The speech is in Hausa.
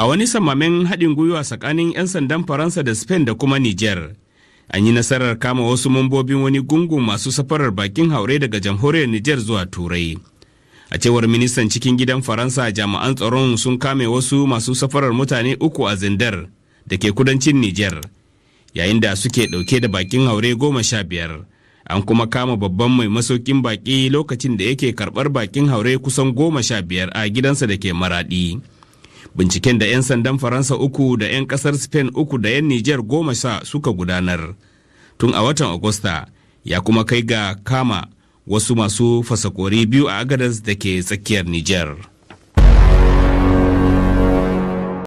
a wani samamen haɗin gwiwa tsakanin 'yan sandan faransa da spain da kuma niger an yi nasarar kama wasu mambobin wani gungun masu safarar bakin haure daga jamhuriyar niger zuwa turai a cewar ministan cikin gidan faransa jami'an tsaron sun kame wasu masu safarar mutane uku a zindar da ke kudancin niger yayin da suke ɗauke da bakin haure goma sha biyar an kuma kama babban mai masaukin baki lokacin da yake karɓar bakin haure kusan goma sha biyar a gidansa da ke maraɗi. binciken da 'yan sandan faransa uku da 'yan kasar spain uku da 'yan niger goma sha suka gudanar tun a watan agusta ya kuma kai ga kama wasu masu fasakori biyu a agadas da ke tsakiyar niger